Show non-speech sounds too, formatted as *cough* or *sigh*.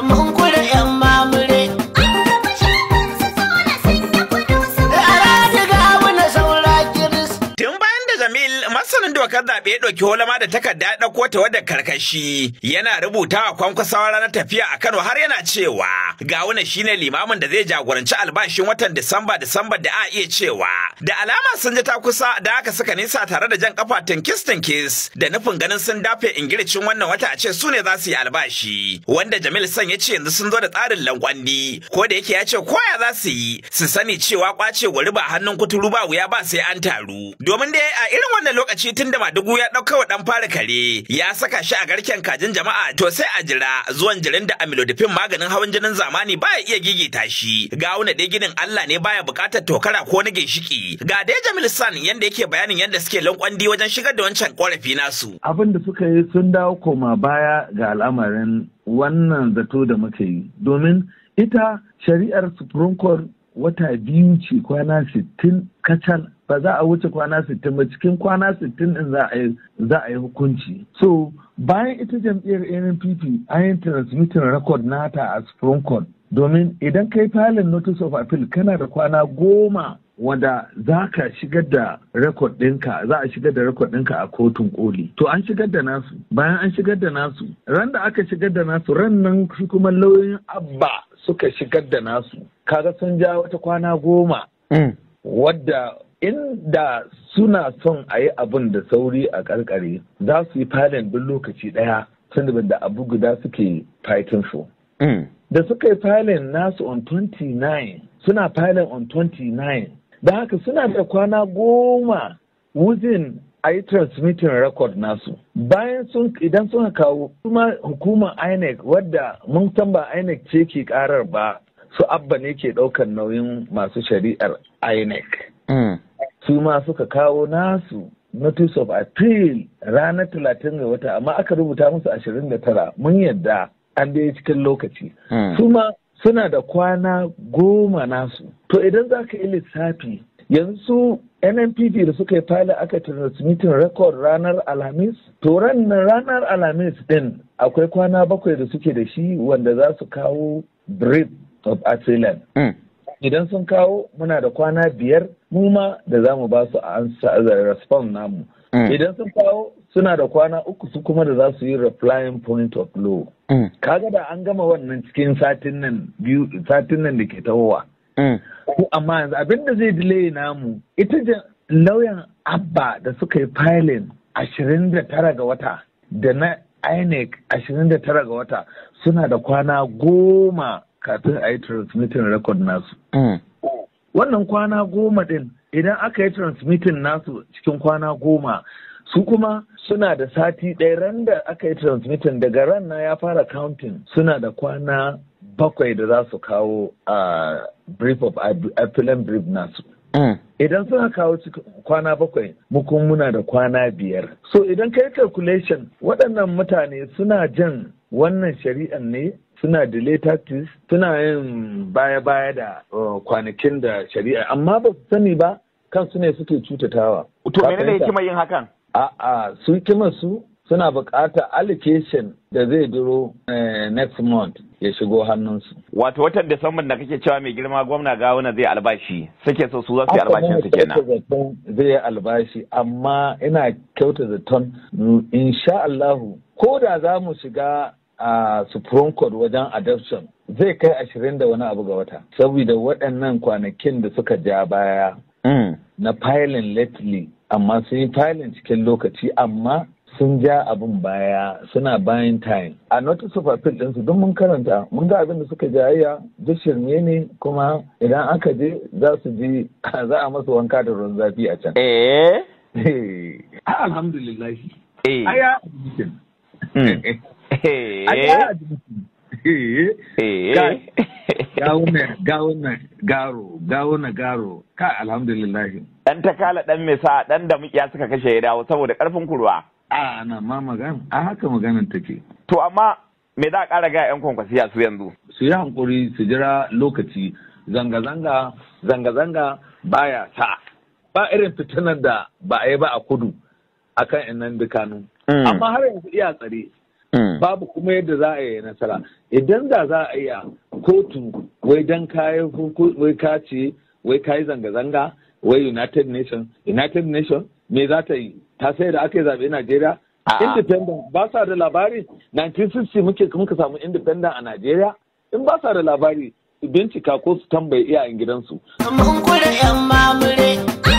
I'm kan zaɓe ya ɗauki holama da takarda ya ɗauko ta wadda karkashi yana rubuta wa kwankwasawa ranar tafiya a Kano har yana cewa gawuna shine limamin da zai jagoranci albashin watan Disamba Disamba da a iya cewa da alama sun ji ta kusa da aka saka nisa tare da jan kafa tinkis tinkis da nufin ganin sun dafe ingiricin wannan wata a ce su ne za su yi albashi wanda Jamil San ya ce yanzu sun zo da tsarin langwanni ko da yake ya ce ya za su yi su sani cewa kwace gwari ba hannun kuturu ba wuya ba sai an taru domin dai a irin wannan lokaci tun da dubu ya ɗauka wa ɗan fara kare ya saka shi a garken kajin jama'a to sai a jira zuwan jirin da amilodipin maganin hawan jinin zamani baya iya gigita shi ga wani ɗaya ginin Allah ne baya bukatar tokara ko na ginshiki ga dai Jamil San yanda yake bayanin yadda suke lankwandi wajen shigar da wancan korafi nasu. Abin da suka yi sun dawo koma baya ga al'amarin wannan zato da muka yi domin ita shari'ar Supreme Court wata biyu ce kwana sittin kacal ba za a wuce kwana sittin ba cikin kwana sittin din za a yi hukunci so bayan ita jam'iyyar nnpp an yi transmitting record nata a supreme court domin idan kai filin notice of appeal kana da kwana goma wanda za ka shigar da record ɗinka za a shigar da record ɗinka a kotun koli to an shigar da nasu bayan an shigar da nasu ran da aka shigar da nasu ran nan kuma lauyoyin abba suka shigar da nasu kaga sun ja wata kwana goma mm. wadda inda suna son a yi abin da sauri a karkare za su yi filin duk lokaci ɗaya tun da abu guda suke fighting for. Mm. Da suka yi filin nasu on 29 suna filin on 29 da haka suna da kwana goma wuzin a yi transmitting record nasu. Bayan sun idan suna kawo kuma hukumar INEC wadda mun san ba INEC ce ke karar ba su abba ne ke ɗaukar nauyin masu shari'ar INEC. Mm. su ma suka kawo nasu notice of appeal ranar talatin ga wata amma aka rubuta musu ashirin da tara mun yadda an dai cikin lokaci hmm. su ma suna da kwana goma nasu to idan za ka yi lissafi yanzu nnpp da suka yi fali aka transmitting record ranar alhamis to ranar alhamis din akwai kwana bakwai da suke da shi wanda za su kawo brief of asylum idan sun kawo muna da kwana biyar mu ma da za mu ba su a ansa namu mm. idan sun kawo suna da kwana uku su kuma da za su yi replying point of law mm. kaga da an gama wannan cikin satin nan biyu satin nan da ke tawowa mm. amma yanzu abin da zai delay namu ita da lauyan abba da suka yi filing ashirin da tara ga wata da na INEC 29 ga wata suna da kwana goma kafin a yi transmitting record nasu. Mm. Wannan kwana goma din idan aka yi transmitting nasu cikin kwana goma su kuma suna da sati ɗaya ran da aka yi transmitting daga ran na ya fara counting suna da kwana bakwai da za su kawo a brief of appealant brief nasu. Mm. Idan suna kawo kwana bakwai mukun muna da kwana biyar. So idan ka yi calculation waɗannan mutane suna jan wannan shari'an ne suna dilatatis suna yin baya-baya da uh, kwanakin da shari'a amma ba su sani ba kansu ne suke cutatawa. To menene hikimar yin hakan? A'a su hikimar su suna buƙatar allocation da zai duro eh, next month ya shigo hannunsu. Wato watan Disamba da kake cewa mai girma gwamna gawuna zai albashi suke so su za su yi albashin su kenan. Zai yi albashi amma ina kyauta zaton mm, insha Allahu ko da za mu shiga a supreme court wajen adoption zai kai ashirin da wani abu ga wata saboda waɗannan kwanakin da suka ja baya hmm. na filin lately amma sun yi filin cikin lokaci amma sun ja abin baya suna bayan time a notice of appeal ɗinsu don mun karanta mun ga abin da suka ja duk shirme ne kuma idan aka je za su ji *laughs* za a masa wanka da ruwan zafi a can eh, eh. alhamdulillah eh aya *laughs* Eh. Eh. gawuna garo gawuna garo ka alhamdulillah dan ta kala dan mai sa dan da mukiya suka kashe ya dawo saboda karfin kurwa a na ma magana a haka maganar take to amma me za ka kara ga yan kwankwasiya su yanzu su yi hankuri su jira lokaci zanga-zanga zanga-zanga baya sa ba irin fitinar da ba a yi ba a kudu akan innan dukanu mm. amma har yanzu iya tsare Hmm. babu kuma yadda za a yi nasara idan da za a iya kotu wai dan kayan wai ka ce wai kayi zanga-zanga wai united nation united nation me za ta yi ta sai da aka yi zaɓe Nigeria. independent ba sa da labari 1960 muke muka samu independent a Nigeria? in ba sa da labari bincika ko su tambayi iyayen gidansu. Mun kula 'yan mamure.